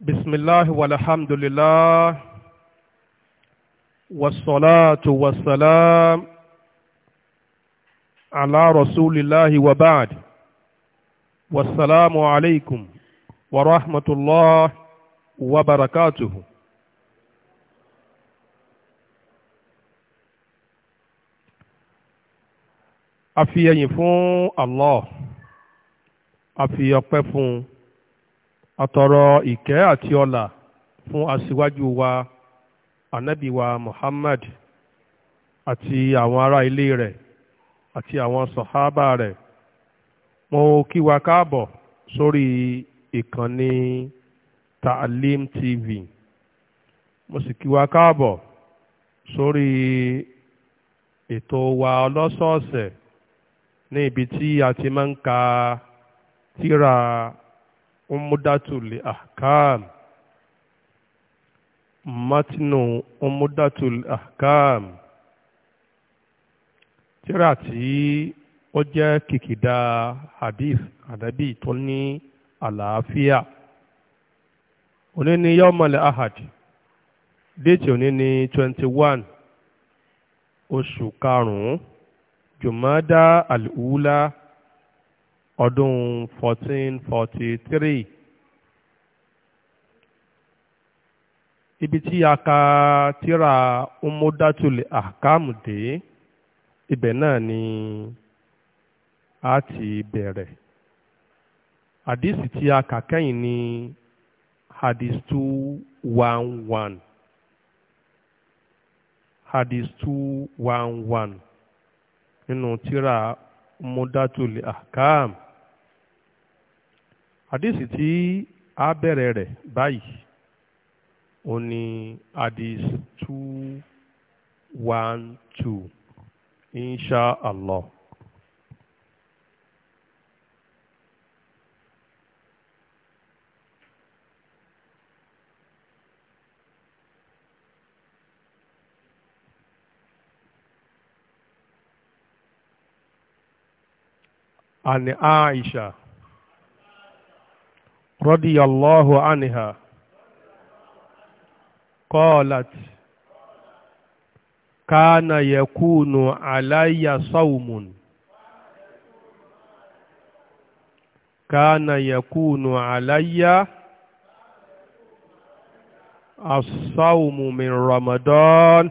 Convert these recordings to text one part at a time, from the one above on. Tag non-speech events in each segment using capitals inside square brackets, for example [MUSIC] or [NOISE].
بسم الله والحمد لله والصلاة والسلام على رسول الله وبعد والسلام عليكم ورحمة الله وبركاته أفيا يفون الله أفيا يفون àtọ̀rọ̀ ìkẹ́ àti ọlà fún aṣíwájú wa ànábì wa Muhammad àti àwọn ará ilé rẹ̀ àti àwọn sọ̀hábà rẹ̀ mo kí wa káàbọ̀ sórí ìkànnì Taalim TV mo sì kí wa káàbọ̀ sórí ètò wa ọlọ́sọ̀ọ̀sẹ̀ ní ibi tí a ti máa ń ka tírà umudatul ahkam matinu umudatul ahkam tíra tí kikida hadith adabi tó ni ahad déètì òní ni twenty one oṣù karùn-ún jùmọ́dá ọdún 1443 ibi tí a ka tíra umudatul ahkam dé ibẹ̀ náà ni a ti bẹ̀rẹ̀ àdísì tí a kà kẹ́yìn ni hadith 211 hadith 211 nínú tíra umudatul ahkam àdísì tí a bẹ̀rẹ̀ rẹ̀ báyìí ó ní àdís two one two insha allah. عن عائشة رضي الله عنها قالت كان يكون علي صوم كان يكون علي الصوم من رمضان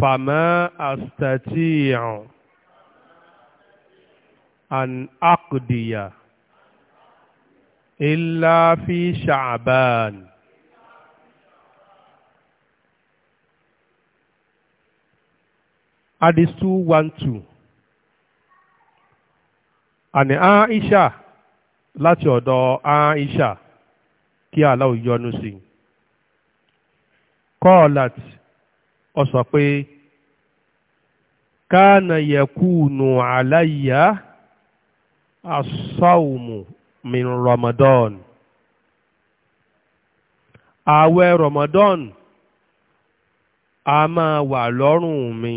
فما أستطيع أن أقضي إلا في شعبان Hadith 212 Àní Aisha láti ọ̀dọ̀ Aisha kí Allah yọ́nú sí. Kọ́ọ̀lát ó sọ pé, asọ́ọ̀mù min Ramadan ààwẹ̀ Ramadan a máa wà lọ́rùn mi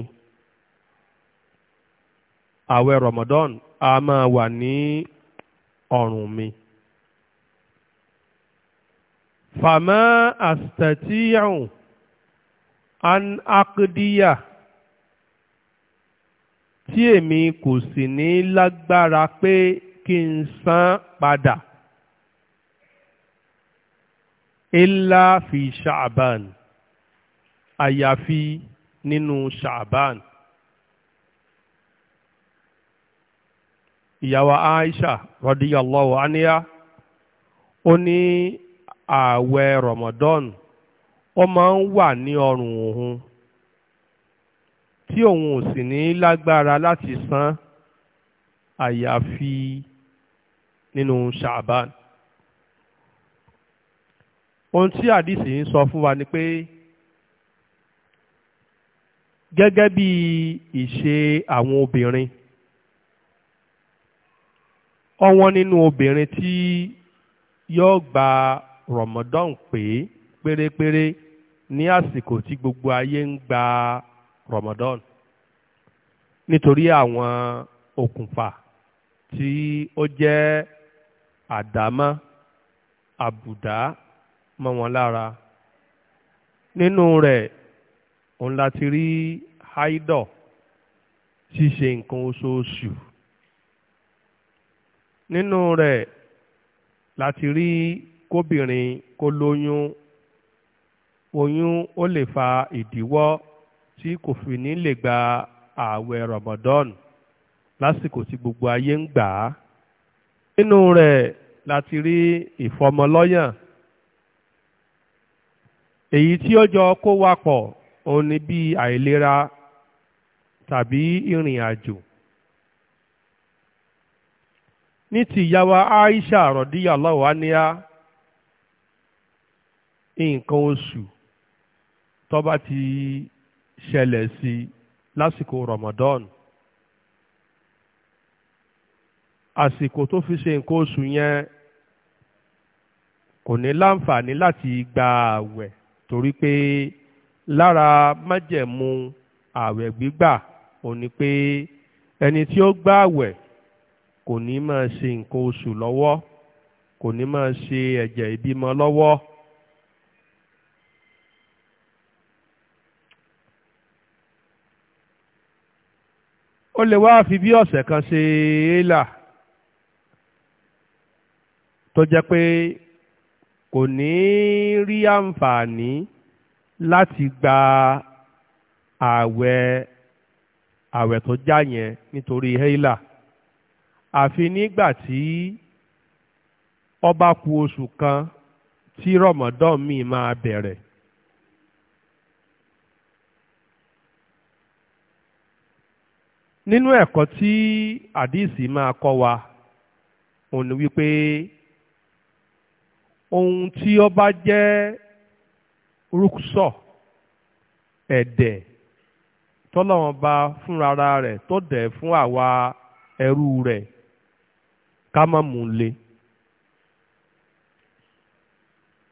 ààwẹ̀ Ramadan a máa wà ní ọrùn mi fàmà àstàtíyàn an akdíyà tí èmi kò sì ní lágbára pé kí n san padà ilá fi ṣàbàn àyàfi nínú ṣàbàn ìyàwó Aisha radiyallahu anha ó ní ààwẹ̀ Ramadan ó máa ń wà ní ọrùn òun tí òun ò sì ní lágbára láti san àyàfi nínú ṣàbán ohun tí àdìsí ń sọ fún wa ni pé gẹ́gẹ́ bí ìṣe àwọn obìnrin ọwọ́n nínú obìnrin tí yóò gba Ramadan pé pérépéré ní àsìkò tí gbogbo ayé ń gba Ramadan nítorí àwọn okùnfà tí ó jẹ́ àdámọ́ àbùdá mọ́ wọn lára nínú rẹ̀ òun láti rí haidọ̀ ṣíṣe nǹkan oṣooṣù nínú rẹ̀ láti rí kóbìnrin kó lóyún oyún ó lè fa ìdíwọ́ tí kò fi ní lè gba ààwẹ̀ Ramadan lásìkò tí gbogbo ayé ń gbà á nínú rẹ̀ láti rí ìfọmọlọ́yàn èyí tí ó jọ kó wá pọ̀ òun ni bí àìlera tàbí ìrìn àjò ní ti ìyàwó Aisha rọ̀díyàlọ́wọ́ aníyá nǹkan oṣù tó bá ti ṣẹlẹ̀ sí lásìkò Ramadan àsìkò tó fi ṣe nǹkan oṣù yẹn kò ní láǹfààní láti gba ààwẹ̀ torí pé lára májẹ̀mú ààwẹ̀ gbígbà ò ní pé ẹni tí ó gba ààwẹ̀ kò ní máa ṣe nǹkan oṣù lọ́wọ́ kò ní máa ṣe ẹ̀jẹ̀ ìbímọ lọ́wọ́ ó lè wá fi bí ọ̀sẹ̀ kan ṣe é là tó jẹ́ pé kò ní rí àǹfààní láti gba ààwẹ̀ ààwẹ̀ tó já yẹn nítorí hélà àfi nígbà tí ó bá oṣù kan tí rọ̀mọ́dọ́n míì máa bẹ̀rẹ̀ nínú ẹ̀kọ́ tí àdìsí máa kọ́ wa òun ni wípé ohun tí ó bá jẹ́ rúkṣọ ẹ̀dẹ̀ tọ́lọ́wọ́n bá fúnra rẹ̀ tó dẹ̀ fún àwa ẹrú rẹ̀ ká má mú un le.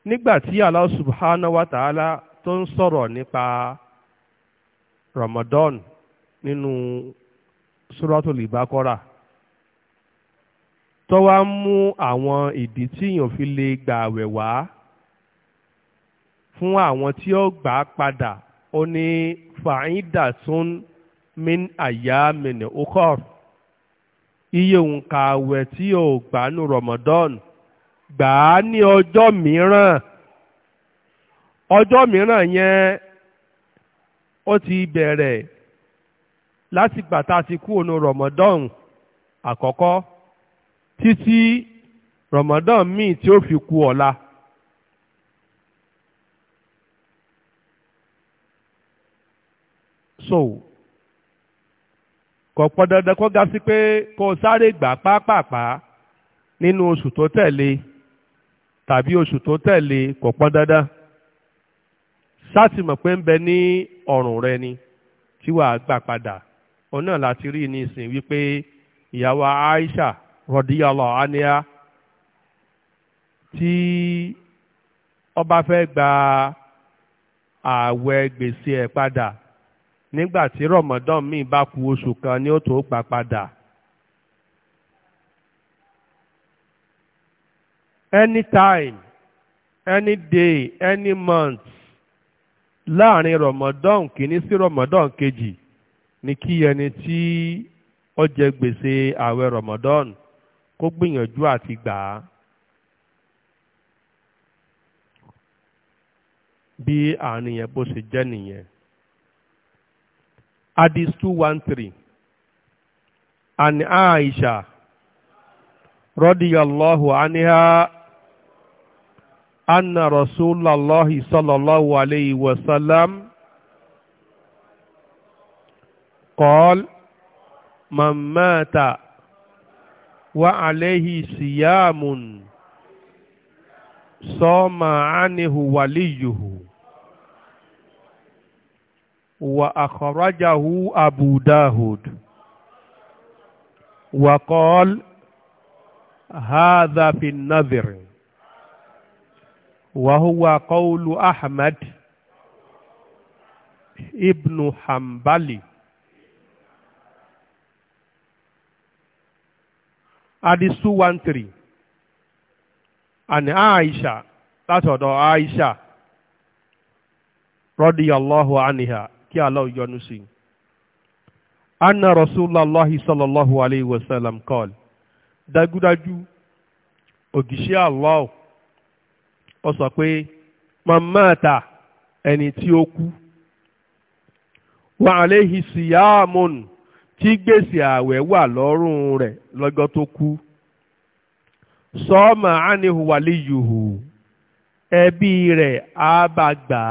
nígbà tí Allah subhanahu wa ta'ala tó ń sọ̀rọ̀ nípa Ramadan nínú Suratul Baqara tó wá ń mú àwọn ìdí tí èèyàn fi lè gbà àwẹ̀ wá fún àwọn tí ó gbà padà ó ní fàáìdàtún min àyà min okor iye òǹkà àwẹ̀ tí ó gbà nù Ramadan gbà á ní ọjọ́ mìíràn ọjọ́ mìíràn yẹn ó ti bẹ̀rẹ̀ látìgbà tá a ti kú ònú rọ̀mọ́dọ́n àkọ́kọ́ títí rọ̀mọ́dọ́n míì tí ó fi kú ọ̀la. so kò pọ̀ dandan kó ga sí pé kó o sáré gbà pápápá nínú oṣù tó tẹ̀lé tàbí oṣù tó tẹ̀lé kò pọ̀ dandan sátìmọ̀ pé ń bẹ ní ọ̀rùn rẹ ni tí wàá gbà padà òun náà láti rí ní ìsìn wípé ìyàwó Aisha rọdíyàlọ ania tí ọba fẹ́ gba ààwẹ̀ gbèsè ẹ̀ padà nígbà tí Ramadan míì bá ku oṣù kan ni ó tó gbà padà. anytime any day any month láàrin Ramadan kìíní sí Ramadan kejì. ni kí ẹni tí ó jẹ gbèsè ààwẹ̀ Ramadan kó gbìyànjú àti gbà á. bí àárín yẹn bó ṣe jẹ́ nìyẹn. Hadith two one three an Aisha radiyallahu anha anna rasulallah sallallahu alayhi wa sallam. قال من مات وعليه صيام صام عنه وليه وأخرجه أبو داود وقال هذا في النذر وهو قول أحمد ابن حنبلي hadith two one three and aisha látọ̀dọ̀ aisha radiyallahu anha kí Allah yọ́nú sí anna rasulallahi sallallahu alayhi wa sallam qala dagudaju ogishi Allah ó sọ pé mamata ẹni tí ó kú wa alayhi siyamun tí gbèsè ààwẹ̀ wà lọ́rùn rẹ̀ lọ́jọ́ tó kú sọ́ọ̀mà ánihuwalé yòhù ẹbí rẹ̀ àbàgbà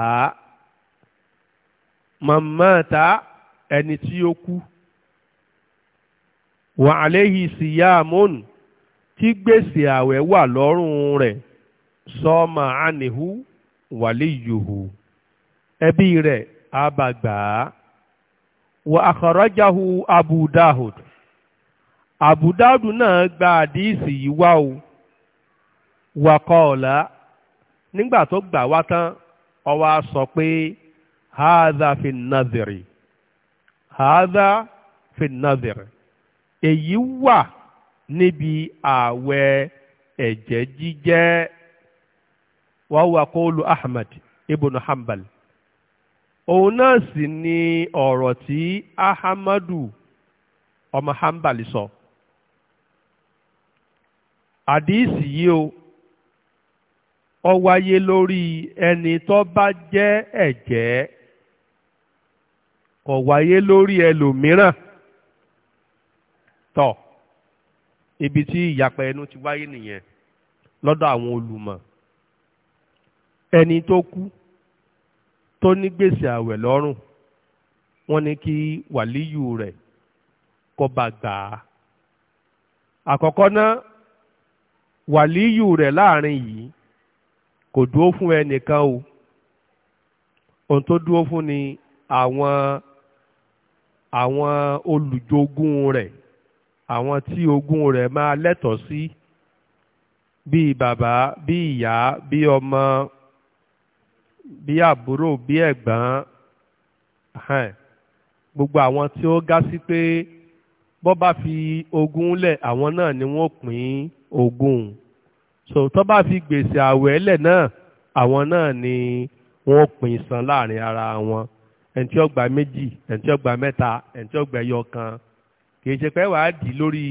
mọ̀mọ́ta ẹni tí ó kú wà àléhì síyáàmùn tí gbèsè ààwẹ̀ wà lọ́rùn rẹ̀ sọ́ọ̀mà ánihuwalé yòhù ẹbí rẹ̀ á wa akharajahu abu dahud abu dahud náà gba àdíìsì yìí wá o wa qala nígbà tó gbà wá tán ó wá sọ pé haza fi nadhiri eyi fi n'ibi awa wà níbi ààwẹ̀ ẹ̀jẹ̀ ibu wa òun náà sì ni ọ̀rọ̀ tí ahamadu ọmọ sọ yìí o ó wáyé lórí ẹni tó bá jẹ́ ẹ̀jẹ́ kò wáyé lórí ẹlòmíràn tọ. ibi tí ìyapa ẹnu ti wáyé nìyẹn lọ́dọ̀ àwọn olùmọ̀ ẹni tó kú tó ní gbèsè àwẹ̀ lọ́rùn wọ́n ní kí wàlíyù rẹ̀ kọ́ bá gbà á. àkọ́kọ́ náà wàlíyù rẹ̀ láàrin yìí kò dúró fún ẹnìkan o ohun tó dúró fún ni àwọn àwọn olùjogún rẹ̀ àwọn tí ogún rẹ̀ máa lẹ́tọ̀ọ́ sí bíi bàbá bíi ìyá bíi ọmọ bí àbúrò bí ẹ̀gbọ́n gbogbo àwọn tí ó gá sí pé bọ́ bá fi ogún lẹ̀ àwọn náà ni wọ́n pín ogún so tó bá fi gbèsè àwẹ̀ lẹ̀ náà àwọn náà ni wọ́n pín san láàrin ara wọn ẹni tí ó gba méjì ẹni tí ó mẹ́ta ẹni tí ó ẹyọ kan kì í ṣe pé wàá dì lórí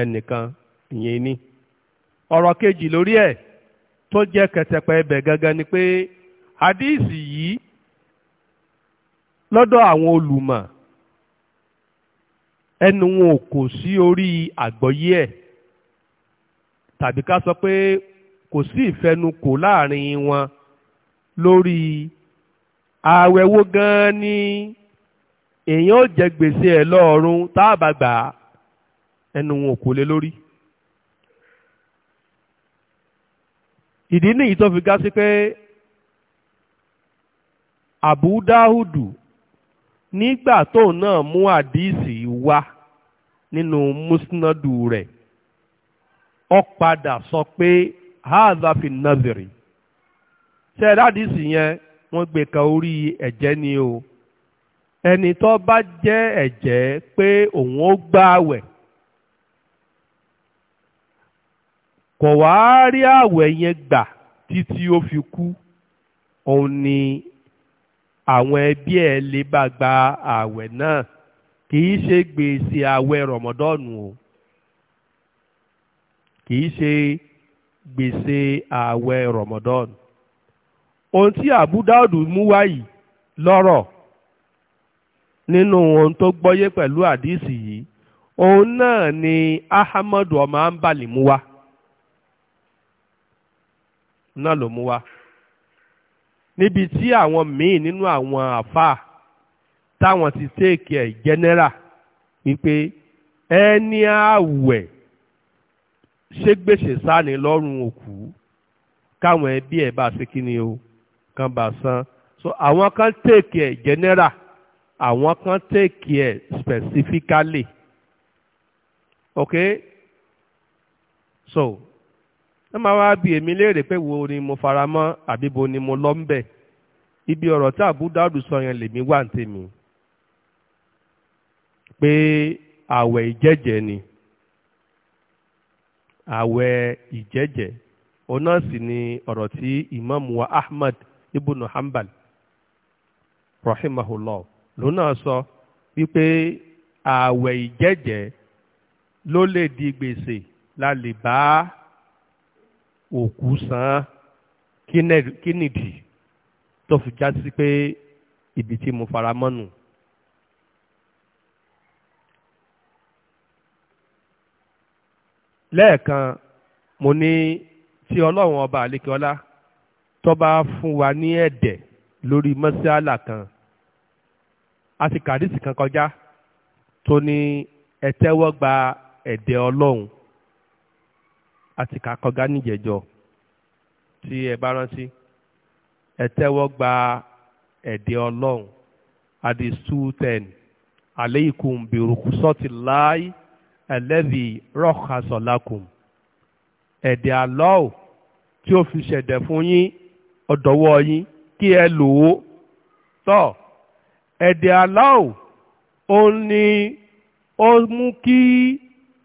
ẹnìkan ìyẹn ni ọ̀rọ̀ kejì lórí ẹ̀ tó jẹ́ kẹtẹpẹ ẹbẹ̀ gangan ni pé hadíìsì yìí lọ́dọ̀ àwọn olùmọ̀ ẹnu wọn kò sí orí àgbọ́yé ẹ̀ tàbí ká sọ pé kò sí ìfẹnukò láàrin wọn lórí ààwẹ̀ wo gan-an ni èèyàn ò jẹ gbèsè ẹ̀ lọ́ọ̀run tá a bá gbà ẹnu wọn kò lé lórí. ìdí nìyí tó fi gá sí pé Abu Dáhùdù nígbà tóun náà mú àdíìsì wá nínú musnadu rẹ̀ ó padà sọ pé haza fi nazari ṣe àdíìsì yẹn wọ́n gbé ka orí ẹ̀jẹ̀ ni o ẹni tó bá jẹ́ ẹ̀jẹ̀ pé òun ó gbààwẹ̀ kò wá rí àwẹ̀ yẹn gbà títí ó fi kú òun ni àwọn ẹbí ẹ̀ lè bá gba ààwẹ̀ náà kì í ṣe gbèsè ààwẹ̀ rọ̀mọ́dọ́nù o kì í ṣe gbèsè ààwẹ̀ rọ̀mọ́dọ́nù ohun tí àbúdáòdù mú wáyìí lọ́rọ̀ nínú ohun tó gbọ́yé pẹ̀lú àdísì yìí òun náà ni ahmadu ọmọ ambali mú wá náà ló mú wá níbi tí àwọn míì nínú àwọn àfáà táwọn ti téèkì ẹ̀ jẹ́nẹ́rà wípé ẹni àwẹ̀ ṣé gbèsè sáni lọ́rùn òkú káwọn ẹbí ẹ̀ bá ṣe kí ni o kan bá san so àwọn kan téèkì ẹ̀ jẹ́nẹ́rà àwọn kan téèkì ẹ̀ specifically okay so wọ́n máa wá bi èmi léèrè pé wo ni mo fara mọ́ àbí bo ni mo lọ ń bẹ̀ ibi ọ̀rọ̀ tí Abu Dáúdù sọ yẹn lèmi wà ń tèmi pé àwẹ̀ ìjẹ́jẹ́ ni àwẹ̀ ìjẹ́jẹ́ òun náà sì ni ọ̀rọ̀ tí ìmáàmù wa Ahmad ibn Hanbal rahimahullah lòun náà sọ wípé àwẹ̀ ìjẹ́jẹ́ ló lè di gbèsè la lè bá òkú san kí nìdí tó fi já sí pé ibi tí mo fara mọ́nù. lẹ́ẹ̀kan mo ní tí ọlọ́run ọba àlékeọlá tó bá fún wa ní ẹ̀dẹ̀ lórí mọ́sálà kan a ti kàdísì kan kọjá tó ní ẹ tẹ́wọ́ gba ẹ̀dẹ̀ ọlọ́run àti kàkọ́gá níjẹ̀jọ́ tí ẹ bá rántí ẹ tẹ́wọ́ gba ẹ̀dẹ́ ọlọ́run hadith two ten aleikum birukusọ́tì láì ẹlẹ́bi rọ́ọ̀kasọ̀lákùn ẹ̀dẹ́ àlọ́ọ̀ tí ó fi ṣẹ̀dẹ̀ fún yín ọ̀dọ̀wọ́ yín kí ẹ lò ó tọ́ ẹ̀dẹ̀ aláwò ó ní ó mú kí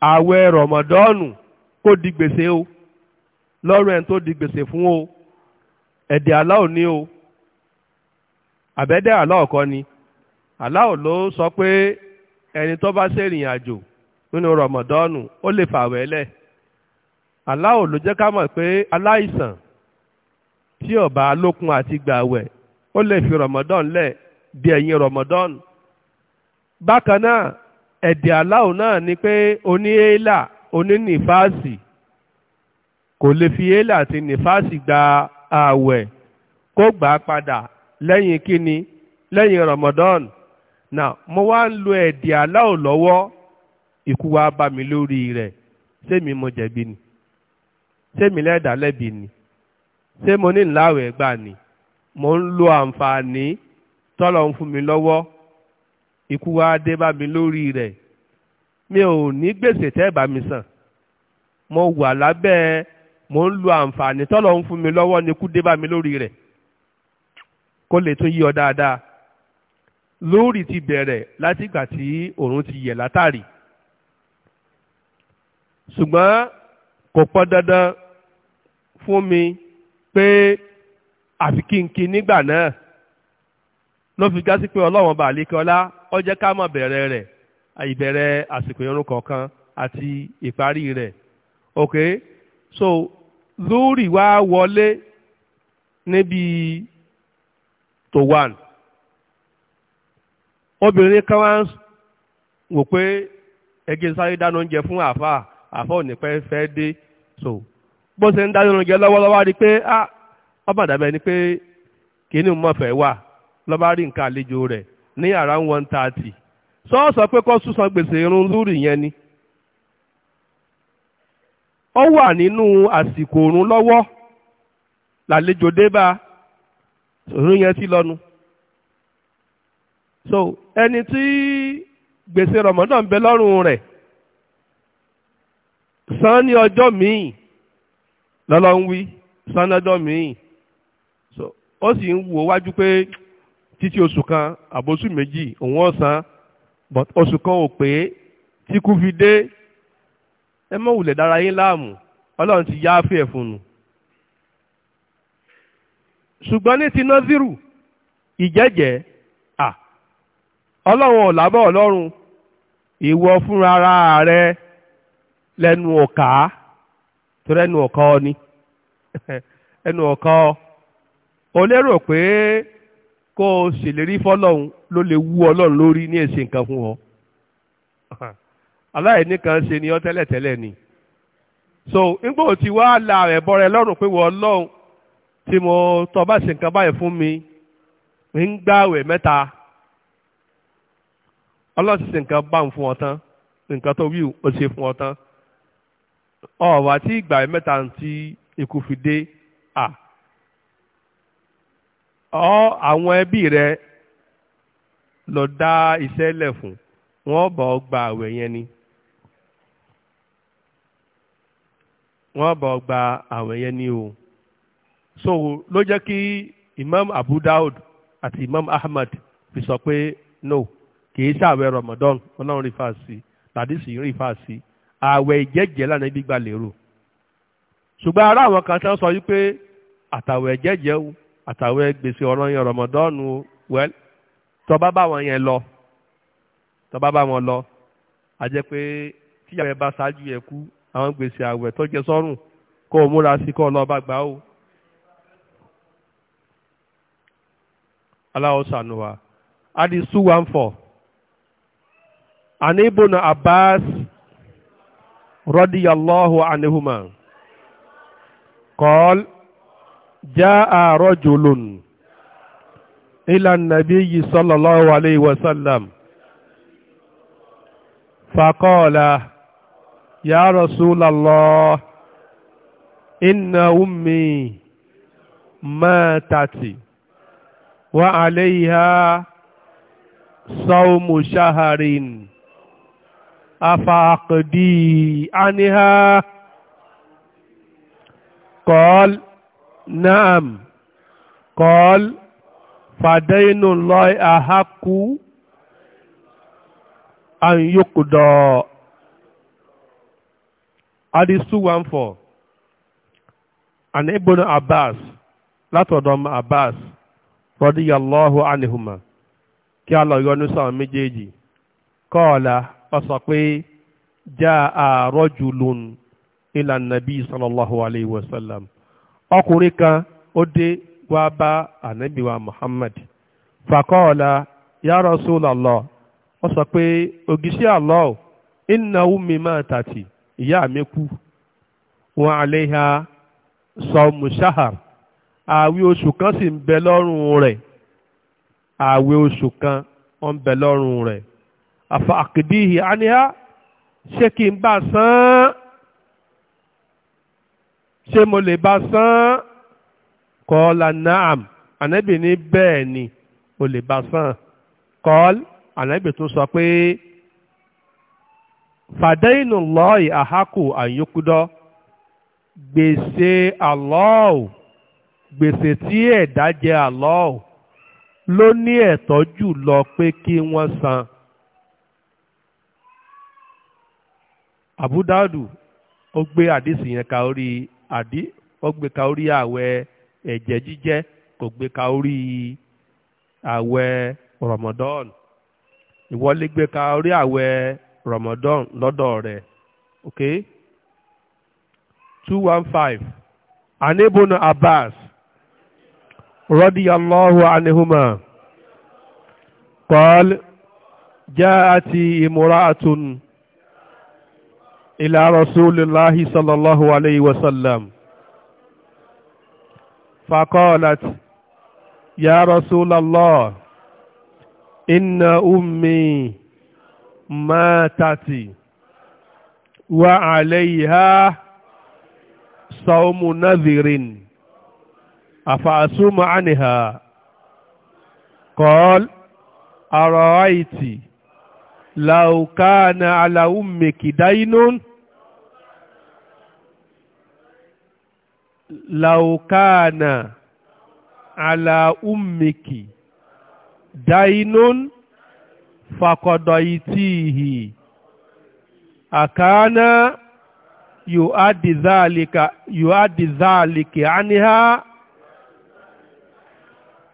ààwẹ̀ rọ̀mọ̀dọ́nù kó di gbèsè o lọ́rùn ẹni tó di gbèsè fún o ẹ̀dẹ̀ aláwọ̀ ni o àbẹ́dẹ́ aláwọ̀ kọ́ ni aláwọ̀ ló sọ pé ẹni tó bá ṣèrìn àjò nínú rọmọdọ́ọ̀nù ó lè fàwẹ́ lẹ̀ aláwọ̀ ló jẹ́ ká mọ̀ pé aláìsàn tí ó lókun àti gbàwẹ̀ ó lè fi rọmọdọ́ọ̀nù lẹ̀ di ẹ̀yìn rọmọdọ́ọ̀nù bákan náà ẹ̀dẹ̀ aláwọ̀ náà ni pé oní onínìfáàsì kò lè fi hélà àti nìfáàsì gba ààwẹ̀ kó gbà á padà lẹ́yìn kíni lẹ́yìn Ramadan na mo wá ń lo ẹ̀dì aláwọ̀ lọ́wọ́ ikú wa bá mi lórí rẹ̀ sẹ́mi mo jẹ̀bi ni sẹ́mi lẹ́dà lẹ́bi ni ṣé mo ní ńláwẹ̀ gbà ni mo ń lo àǹfààní tọ́lọ̀ ń fún mi lọ́wọ́ ikú wa dé bá mi lórí rẹ̀ mi ò ní gbèsè tẹ́ bá mi san mo wà lábẹ́ mo ń lo àǹfààní tọ́lọ̀ ń fún mi lọ́wọ́ ni kú dé bá mi lórí rẹ̀ kó lè tún yí ọ dáadáa lórí ti bẹ̀rẹ̀ látìgbà tí òòrùn ti yẹ̀ látàrí ṣùgbọ́n kò pọn dandan fún mi pé àfi kínkín nígbà náà ló fi já pé ọlọ́wọ́n bàálíkọ́lá ó jẹ́ ká mọ̀ bẹ̀rẹ̀ rẹ̀ ìbẹ̀rẹ̀ àsìkò irun kọ̀ọ̀kan àti ìparí rẹ̀ ok so lórí wa wọlé níbi tó wàn obìnrin kan wá wò pé ẹgbẹ́ sáré dáná oúnjẹ fún àáfàá àáfàá ò pẹ́ fẹ́ dé so bó ṣe ń dáná oúnjẹ lọ́wọ́lọ́wọ́ rí pé ah ọmọ àdàbẹ̀ ni pé kí ni wà lọ́ba rí nǹkan àlejò rẹ̀ ní around one thirty sọ sọ́ọ̀sọ̀ pé kọ tún gbèsè irun lúrì yẹn ni ọ wà nínú àsìkò òrùn lọ́wọ́ làlejò débà òrùn yẹn ti lọ́nu so ẹni tí gbèsè rọ̀mọ́dọ̀ ń bẹ lọ́rùn rẹ̀ san ní ọjọ́ míì lọ́lọ́ ń wí san lọ́jọ́ míì so ó sì ń wò wájú pé títí oṣù kan àbóṣù méjì òun ó but oṣù kan ò pé tí kú fi dé ẹ wùlẹ̀ dára yín láàmú ọlọ́run ti yááfẹ́ ẹ̀ fún ṣùgbọ́n ní ti ìjẹ́jẹ́ à ọlọ́run ọ̀làbọ̀ ọlọ́run ìwọ fúnra rẹ lẹ́nu ọ̀kà ẹnu ọ ni [LAUGHS] ẹnu ọ. o kó o ṣèlérí fọlọ́run ló lè wú ọlọ́run lórí ní èsì nǹkan fún ọ [LAUGHS] aláìní kan ṣe ni ọ tẹ́lẹ̀tẹ́lẹ̀ ni so nígbà tí wàá la rẹ̀ bọ́rẹ̀ lọ́rùn pé wọ́n lọ́run tí mo tọ́ bá ṣe nǹkan báyìí fún mi ń gbààwẹ̀ mẹ́ta ọlọ́run ti ṣe nǹkan bá ń fún ọ tán nǹkan tó wí ó ṣe fún ọ tán ọ̀wà tí ìgbààwẹ̀ mẹ́ta ti ikú fi dé à. Ah ọ àwọn ẹbí rẹ lọ dá iṣẹ́ lẹ̀ fún wọ́n bọ̀ ọ́ gba àwẹ̀ yẹn ni wọ́n bọ̀ gba àwẹ̀ yẹn ni o so ló jẹ́ kí Imam Abu Dawud àti Imam Ahmad fi sọ pé no kì í ṣàwẹ̀ Ramadan ọlọ́run rí fa sí tàbí sì rí fa sí àwẹ̀ ìjẹ́jẹ́ lánàá ibi gbà lérò ṣùgbọ́n ará àwọn kan tí wọ́n sọ wípé àtàwẹ̀ ìjẹ́jẹ́ o àtàwọn gbèsè ọ̀ràn yẹn rọmọdọ́ọ̀nù wẹ́l tó bá bá wọn yẹn lọ tó bá bá wọn lọ a jẹ́ pé tíyàwó ẹ bá ṣáájú ẹ kú àwọn gbèsè àwẹ̀ tó jẹ sọ́rùn kó o múra sí kó o lọ bá gbà ó. aláwọ̀ sànù adi two one four àní ibùnà Abbas rọ́díyàlọ́hù àníhùmá kọ́ọ́lù. جاء رجل إلى النبي صلى الله عليه وسلم فقال يا رسول الله إن أمي ماتت وعليها صوم شهر أفأقضي عنها قال نعم قال فدين الله أحق أن يقضى Hadith 214 عن ابن عباس لا تضم عباس رضي الله عنهما kí a lọ yọnu sáwọn méjèèjì kọ́ọ̀lá ó sọ pé já àárọ̀ jùlùn ìlànà nàbí sallallahu alayhi wa sallam ọkùnrin kan ó dé wá bá ànábì Muhammad fàkọọ̀la ya Rasulullah ó sọ pé ògìṣẹ́ Allah inna ummi matati ìyá mi kú wọn alayha sawmu shahar ààwẹ̀ oṣù kan sì ń bẹ lọ́rùn rẹ̀ ààwẹ̀ oṣù kan ó ń bẹ lọ́rùn rẹ̀ ṣé kí n bá san ṣé mo lè bá san án kọ́ọ́lá naam ànábì ní bẹ́ẹ̀ ni o lè bá san án kọ́ọ́l ànábì tún sọ pé fàdéyìnù lọ́ọ̀ì àhákù àyókùdọ́ gbèsè àlọ́ọ̀ gbèsè tí ẹ̀dá jẹ àlọ́ọ̀ ló ní ẹ̀tọ́ jù lọ pé kí wọ́n san. àbúdádù ó gbé àdìsí yẹn ka orí àdí ó ka orí àwẹ̀ ẹ̀jẹ̀ jíjẹ́ kò gbé ka orí àwẹ̀ Ramadan ìwọ lè gbé ka orí àwẹ̀ Ramadan lọ́dọ̀ rẹ̀ ok two one five anibunu Abbas radiyallahu anihuma qal jaati إلى رسول الله صلى الله عليه وسلم فقالت يا رسول الله إن أمي ماتت وعليها صوم نذر أفأصوم عنها قال أرأيت law kana ala ummiki daynun law kana ala ummiki daynun faqadaitihi akana yuaddi dhalika yuaddi dhalika anha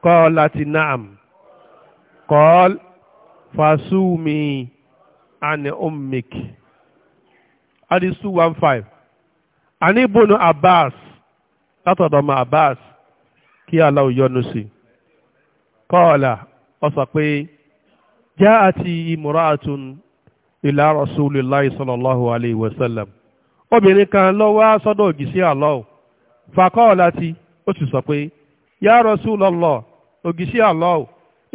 qalat na'am qala fasumi an ummik hadith 215 ani ibnu abbas látọ̀dọ̀ abbas ki ala yọ́nú sí kọ́ọ̀lá pe, jaati imra'atun ila rasulillahi sallallahu alayhi wa sallam obìnrin kan ló wá sọ́dọ̀ ògìṣẹ́ Allah fàkọ́ọ̀lá ti o sì so pe, ya rasulallah ògìṣẹ́ Allah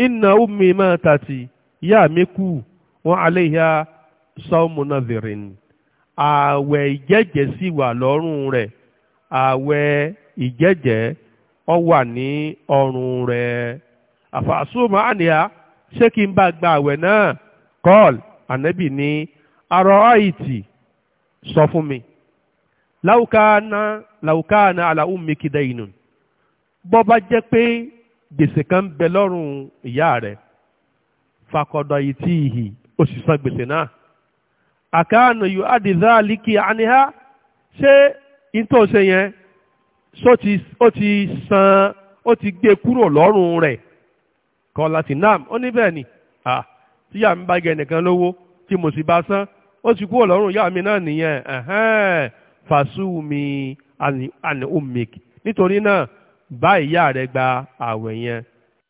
inna ummi matati ya mi kú wọ́n aléyà sọ́mùnàdìrín awe ìjẹ́jẹ́ sì wà lọ́rùn rẹ̀ ààwẹ̀ ìjẹ́jẹ́ ọ wà ní ọrùn rẹ̀ àfàsùnmọ́ àníyá ṣé kí n bá gba ààwẹ̀ náà kọ́ọ̀l ànábì ní arọ àìtì sọ fún mi láwùkáàna láwùkáàna àlàó mi kìdá inú bọ́ bá jẹ́ pé gbèsè kan ń bẹ lọ́rùn ìyá rẹ̀ fakọdọ yìí tí ìhì ó san gbèsè náà àkáànù yóò àdìzá líkì àníhá ṣé ìtòṣe yẹn ó ti san ó ti gbé kúrò lọ́rùn rẹ̀ kọlá sí nam ó ní bẹ́ẹ̀ ni tíyà mi bá gẹ nìkan lówó tí mo sì bá san ó ti kúrò lọ́rùn ìyá mi náà nìyẹn fàṣùmí nítorí náà gba àwẹ̀ yẹn